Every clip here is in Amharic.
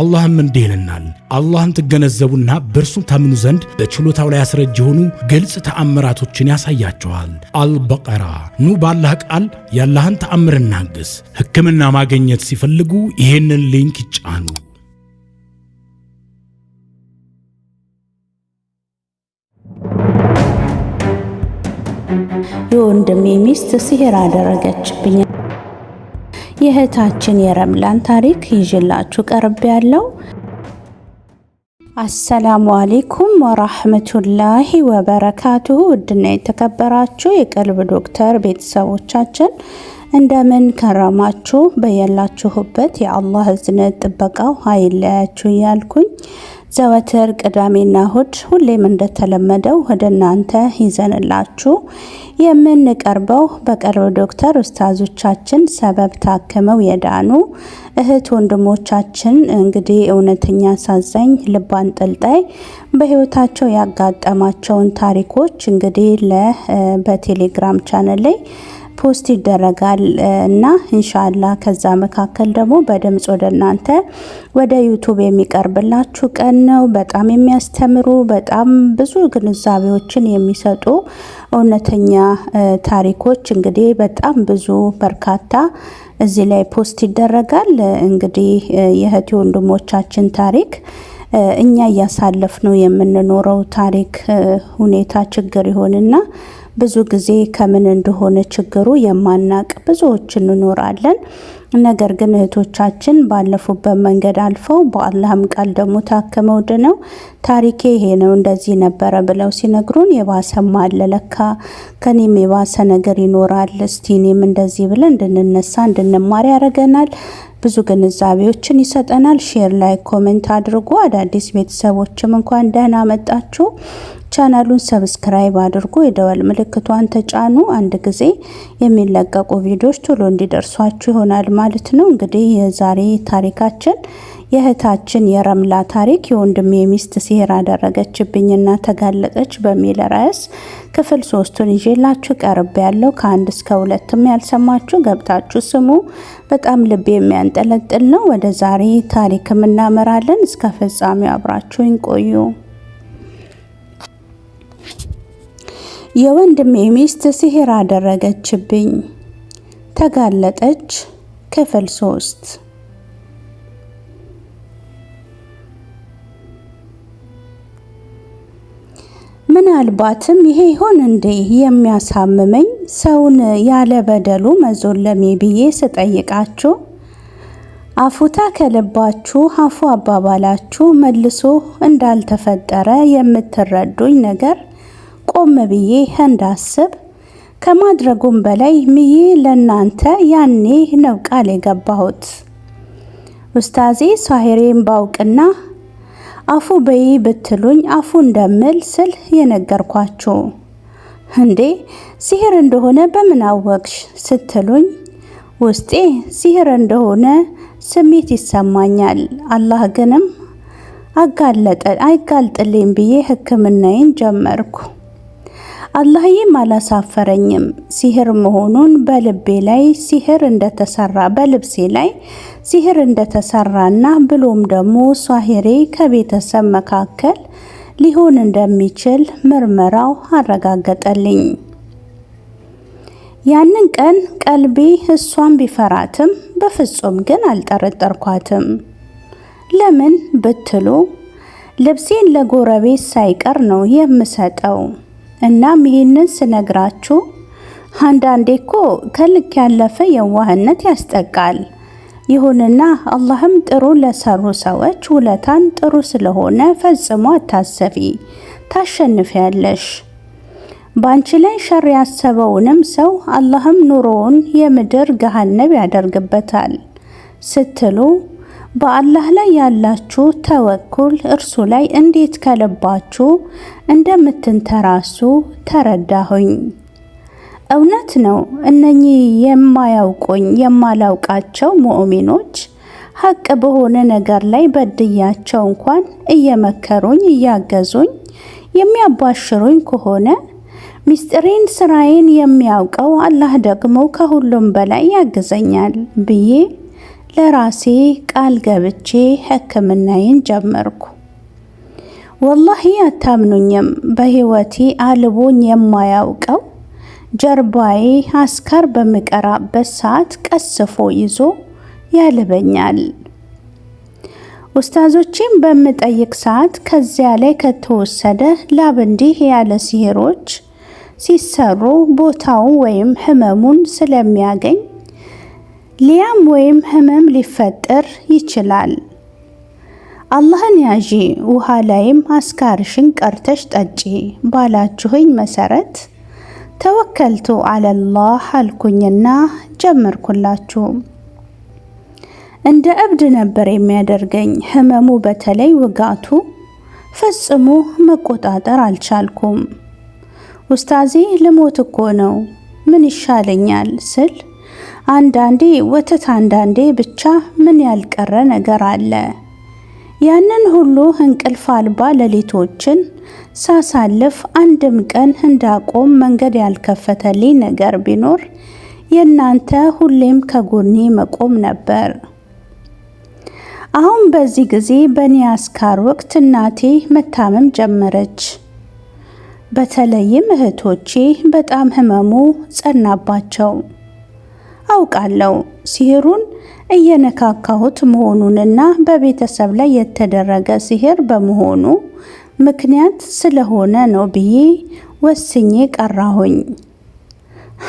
አላህም እንዲህ ይለናል፣ አላህን ትገነዘቡና በእርሱ ታምኑ ዘንድ በችሎታው ላይ አስረጅ የሆኑ ግልጽ ተአምራቶችን ያሳያቸዋል። አልበቀራ ኑ ባላህ ቃል ያላህን ተአምር እናግስ። ሕክምና ማግኘት ሲፈልጉ ይህንን ሊንክ ይጫኑ። የወንድሜ ሚስት ሲህር አደረገችብኝ። የእህታችን የረምላን ታሪክ ይዤላችሁ ቀርብ ያለው። አሰላሙ አሌይኩም ወራህመቱላሂ ወበረካቱሁ። ውድና የተከበራችሁ የቀልብ ዶክተር ቤተሰቦቻችን እንደምን ከረማችሁ? በያላችሁበት የአላህ እዝነት ጥበቃው አይለያችሁ እያልኩኝ ዘወትር ቅዳሜና እሁድ ሁሌም እንደተለመደው ወደ እናንተ ይዘንላችሁ የምንቀርበው በቀልብ ዶክተር ኡስታዞቻችን ሰበብ ታክመው የዳኑ እህት ወንድሞቻችን እንግዲህ እውነተኛ አሳዛኝ ልብ አንጠልጣይ በህይወታቸው ያጋጠማቸውን ታሪኮች እንግዲህ በቴሌግራም ቻናል ላይ ፖስት ይደረጋል እና እንሻላ ከዛ መካከል ደግሞ በድምፅ ወደ እናንተ ወደ ዩቱብ የሚቀርብላችሁ ቀን ነው። በጣም የሚያስተምሩ በጣም ብዙ ግንዛቤዎችን የሚሰጡ እውነተኛ ታሪኮች እንግዲህ በጣም ብዙ በርካታ እዚህ ላይ ፖስት ይደረጋል። እንግዲህ የእህት ወንድሞቻችን ታሪክ እኛ እያሳለፍ ነው የምንኖረው ታሪክ ሁኔታ ችግር ይሆንና ብዙ ጊዜ ከምን እንደሆነ ችግሩ የማናቅ ብዙዎች እንኖራለን። ነገር ግን እህቶቻችን ባለፉበት መንገድ አልፈው በአላህም ቃል ደግሞ ታክመው ድነው ታሪኬ ይሄ ነው እንደዚህ ነበረ ብለው ሲነግሩን የባሰ አለ ለካ ከኔም የባሰ ነገር ይኖራል እስቲ እኔም እንደዚህ ብለን እንድንነሳ እንድንማር ያደርገናል። ብዙ ግንዛቤዎችን ይሰጠናል። ሼር ላይ ኮሜንት አድርጉ። አዳዲስ ቤተሰቦችም እንኳን ደህና መጣችሁ። ቻናሉን ሰብስክራይብ አድርጉ፣ የደወል ምልክቷን ተጫኑ። አንድ ጊዜ የሚለቀቁ ቪዲዮዎች ቶሎ እንዲደርሷችሁ ይሆናል ማለት ነው። እንግዲህ የዛሬ ታሪካችን የእህታችን የረምላ ታሪክ የወንድሜ ሚስት ሲሄር አደረገችብኝና ተጋለጠች በሚል ርዕስ ክፍል ሶስቱን ይዤላችሁ ቀርብ ያለው ከአንድ እስከ ሁለትም ያልሰማችሁ ገብታችሁ ስሙ። በጣም ልብ የሚያንጠለጥል ነው። ወደ ዛሬ ታሪክም እናመራለን። እስከ ፍጻሜው አብራችሁኝ ቆዩ። የወንድሜ ሚስት ሲሄር አደረገችብኝ ተጋለጠች ክፍል ሶስት ምናልባትም ይሄ ይሆን እንዴ የሚያሳምመኝ ሰውን ያለ በደሉ መዞለሜ ብዬ ስጠይቃችሁ አፉታ ከልባችሁ አፉ አባባላችሁ መልሶ እንዳልተፈጠረ የምትረዱኝ ነገር ቆም ብዬ እንዳስብ ከማድረጉም በላይ ምዬ ለእናንተ ያኔ ነው ቃል የገባሁት። ኡስታዜ ሳሄሬን ባውቅና አፉ በይ ብትሉኝ አፉ እንደምል ስል የነገርኳችሁ። እንዴ ሲህር እንደሆነ በምን አወቅሽ ስትሉኝ ውስጤ ሲህር እንደሆነ ስሜት ይሰማኛል። አላህ ግንም አጋለጠ አይጋልጥልኝ ብዬ ሕክምናዬን ጀመርኩ። አላህዬም አላሳፈረኝም። ሲህር መሆኑን በልቤ ላይ ሲህር እንደተሰራ በልብሴ ላይ ሲህር እንደተሰራና ብሎም ደግሞ ሷሂሬ ከቤተሰብ መካከል ሊሆን እንደሚችል ምርመራው አረጋገጠልኝ። ያንን ቀን ቀልቤ እሷን ቢፈራትም በፍጹም ግን አልጠረጠርኳትም። ለምን ብትሉ ልብሴን ለጎረቤት ሳይቀር ነው የምሰጠው። እናም ይሄንን ስነግራችሁ አንዳንዴ እኮ ከልክ ያለፈ የዋህነት ያስጠቃል። ይሁንና አላህም ጥሩ ለሰሩ ሰዎች ውለታን ጥሩ ስለሆነ ፈጽሞ አታሰቢ፣ ታሸንፊያለሽ። ባንቺ ላይ ሸር ያሰበውንም ሰው አላህም ኑሮውን የምድር ገሃነብ ያደርግበታል ስትሉ በአላህ ላይ ያላችሁ ተወኩል እርሱ ላይ እንዴት ከልባችሁ እንደምትንተራሱ ተረዳሁኝ። እውነት ነው። እነኚህ የማያውቁኝ የማላውቃቸው ሙእሚኖች ሀቅ በሆነ ነገር ላይ በድያቸው እንኳን እየመከሩኝ እያገዙኝ የሚያባሽሩኝ ከሆነ ሚስጥሬን ስራዬን የሚያውቀው አላህ ደግሞ ከሁሉም በላይ ያግዘኛል ብዬ ለራሴ ቃል ገብቼ ህክምናዬን ጀመርኩ። ወላሂ አታምኑኝም፣ በህይወቴ አልቦኝ የማያውቀው ጀርባዬ አስካር በምቀራበት ሰዓት ቀስፎ ይዞ ያልበኛል። ኡስታዞችን በምጠይቅ ሰዓት ከዚያ ላይ ከተወሰደ ላብ እንዲህ ያለ ሲህሮች ሲሰሩ ቦታውን ወይም ህመሙን ስለሚያገኝ ሊያም ወይም ህመም ሊፈጠር ይችላል። አላህን ያዢ ውሃ ላይም አስካርሽን ቀርተሽ ጠጪ ባላችሁኝ መሰረት ተወከልቱ አለላህ አልኩኝና ጀመርኩላችሁ። እንደ እብድ ነበር የሚያደርገኝ ህመሙ፣ በተለይ ውጋቱ ፈጽሞ መቆጣጠር አልቻልኩም። ውስታዜ ልሞት እኮ ነው ምን ይሻለኛል ስል አንዳንዴ ወተት አንዳንዴ ብቻ ምን ያልቀረ ነገር አለ። ያንን ሁሉ እንቅልፍ አልባ ሌሊቶችን ሳሳልፍ አንድም ቀን እንዳቆም መንገድ ያልከፈተልኝ ነገር ቢኖር የእናንተ ሁሌም ከጎኔ መቆም ነበር። አሁን በዚህ ጊዜ በኒያስካር ወቅት እናቴ መታመም ጀመረች። በተለይም እህቶቼ በጣም ህመሙ ጸናባቸው። አውቃለሁ ሲህሩን እየነካካሁት መሆኑንና በቤተሰብ ላይ የተደረገ ሲህር በመሆኑ ምክንያት ስለሆነ ነው ብዬ ወስኜ ቀራሁኝ።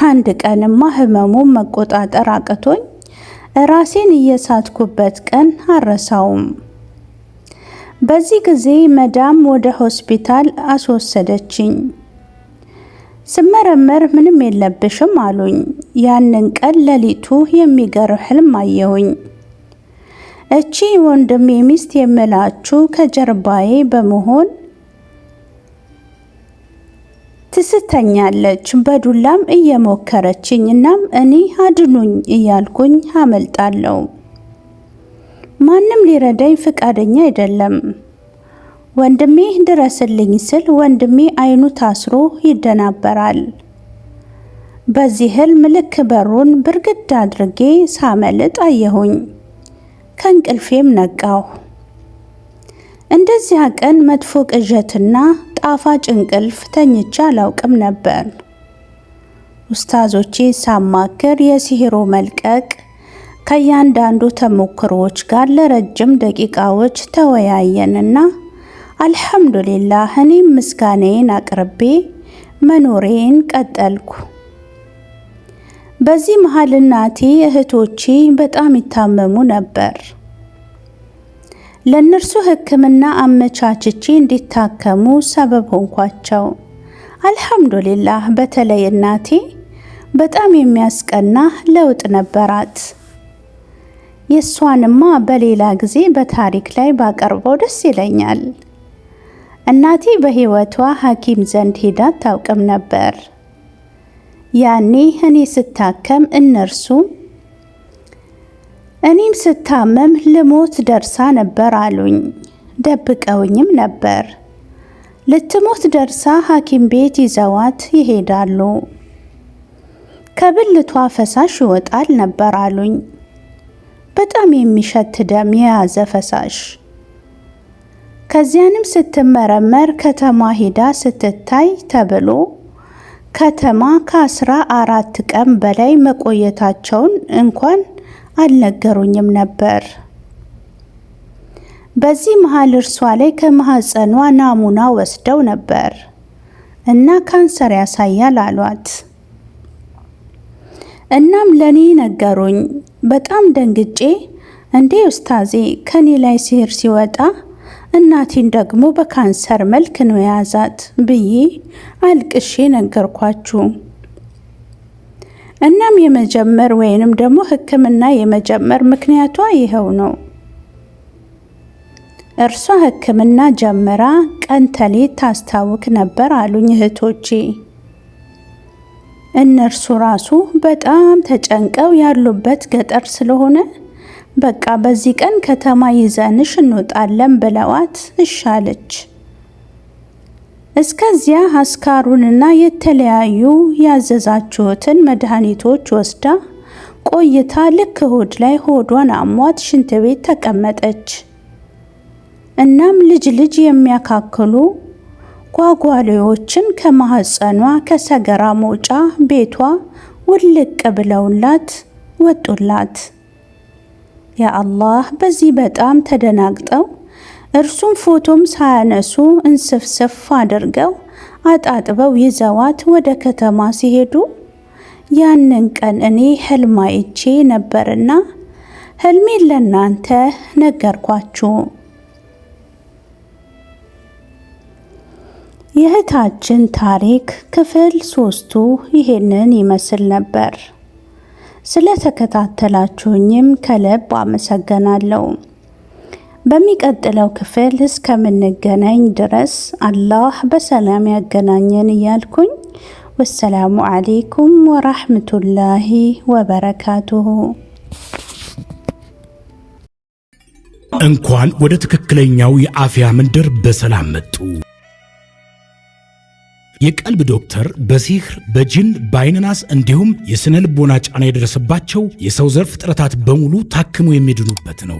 አንድ ቀንማ ህመሙን መቆጣጠር አቅቶኝ ራሴን እየሳትኩበት ቀን አረሳውም። በዚህ ጊዜ መዳም ወደ ሆስፒታል አስወሰደችኝ። ስመረመር ምንም የለብሽም አሉኝ። ያንን ቀን ለሊቱ የሚገርም ህልም አየሁኝ። እቺ ወንድሜ ሚስት የምላችሁ ከጀርባዬ በመሆን ትስተኛለች፣ በዱላም እየሞከረችኝ። እናም እኔ አድኑኝ እያልኩኝ አመልጣለሁ። ማንም ሊረዳኝ ፍቃደኛ አይደለም። ወንድሜ ድረስልኝ ስል ወንድሜ አይኑ ታስሮ ይደናበራል። በዚህ ህልም ልክ በሩን ብርግድ አድርጌ ሳመልጥ አየሁኝ። ከእንቅልፌም ነቃሁ። እንደዚያ ቀን መጥፎ ቅዠትና ጣፋጭ እንቅልፍ ተኝቼ አላውቅም ነበር። ውስታዞቼ ሳማክር የሲሄሮ መልቀቅ ከእያንዳንዱ ተሞክሮዎች ጋር ለረጅም ደቂቃዎች ተወያየንና አልሐምዱሊላህ እኔም ምስጋናዬን አቅርቤ መኖሬን ቀጠልኩ። በዚህ መሃል እናቴ እህቶቼ በጣም ይታመሙ ነበር። ለእነርሱ ሕክምና አመቻችቼ እንዲታከሙ ሰበብ ሆንኳቸው። አልሐምዱሊላህ በተለይ እናቴ በጣም የሚያስቀና ለውጥ ነበራት። የእሷንማ በሌላ ጊዜ በታሪክ ላይ ባቀርበው ደስ ይለኛል። እናቴ በሕይወቷ ሐኪም ዘንድ ሄዳ ታውቅም ነበር። ያኔ እኔ ስታከም እነርሱ እኔም ስታመም ልሞት ደርሳ ነበር አሉኝ። ደብቀውኝም ነበር። ልትሞት ደርሳ ሐኪም ቤት ይዘዋት ይሄዳሉ። ከብልቷ ፈሳሽ ይወጣል ነበር አሉኝ። በጣም የሚሸት ደም የያዘ ፈሳሽ ከዚያንም ስትመረመር ከተማ ሂዳ ስትታይ ተብሎ ከተማ ከአስራ አራት ቀን በላይ መቆየታቸውን እንኳን አልነገሩኝም ነበር። በዚህ መሀል እርሷ ላይ ከማህፀኗ ናሙና ወስደው ነበር እና ካንሰር ያሳያል አሏት። እናም ለኔ ነገሩኝ። በጣም ደንግጬ እንዴ ኡስታዜ ከኔ ላይ ሲህር ሲወጣ እናቴን ደግሞ በካንሰር መልክ ነው የያዛት ብዬ አልቅሼ ነገርኳችሁ። እናም የመጀመር ወይንም ደግሞ ሕክምና የመጀመር ምክንያቷ ይኸው ነው። እርሷ ሕክምና ጀምራ ቀን ተሌት ታስታውክ ነበር አሉኝ እህቶቼ። እነርሱ ራሱ በጣም ተጨንቀው ያሉበት ገጠር ስለሆነ በቃ በዚህ ቀን ከተማ ይዘንሽ እንወጣለን ብለዋት እሻለች። እስከዚያ አስካሩንና የተለያዩ ያዘዛችሁትን መድኃኒቶች ወስዳ ቆይታ ልክ እሁድ ላይ ሆዷን አሟት ሽንት ቤት ተቀመጠች። እናም ልጅ ልጅ የሚያካክሉ ጓጓሌዎችን ከማህፀኗ ከሰገራ መውጫ ቤቷ ውልቅ ብለውላት ወጡላት። ያ አላህ! በዚህ በጣም ተደናግጠው እርሱም ፎቶም ሳያነሱ እንስፍስፍ አድርገው አጣጥበው ይዘዋት ወደ ከተማ ሲሄዱ ያንን ቀን እኔ ህልም አይቼ ነበርና ህልሜን ለእናንተ ነገርኳችሁ። የእህታችን ታሪክ ክፍል ሶስቱ ይሄንን ይመስል ነበር። ስለተከታተላችሁኝም ከልብ አመሰግናለሁ። በሚቀጥለው ክፍል እስከምንገናኝ ድረስ አላህ በሰላም ያገናኘን እያልኩኝ ወሰላሙ አሌይኩም ወራህመቱላሂ ወበረካቱሁ። እንኳን ወደ ትክክለኛው የአፍያ መንደር በሰላም መጡ። የቀልብ ዶክተር በሲህር በጅን በአይንናስ እንዲሁም የስነ ልቦና ጫና የደረሰባቸው የሰው ዘር ፍጥረታት በሙሉ ታክሞ የሚድኑበት ነው።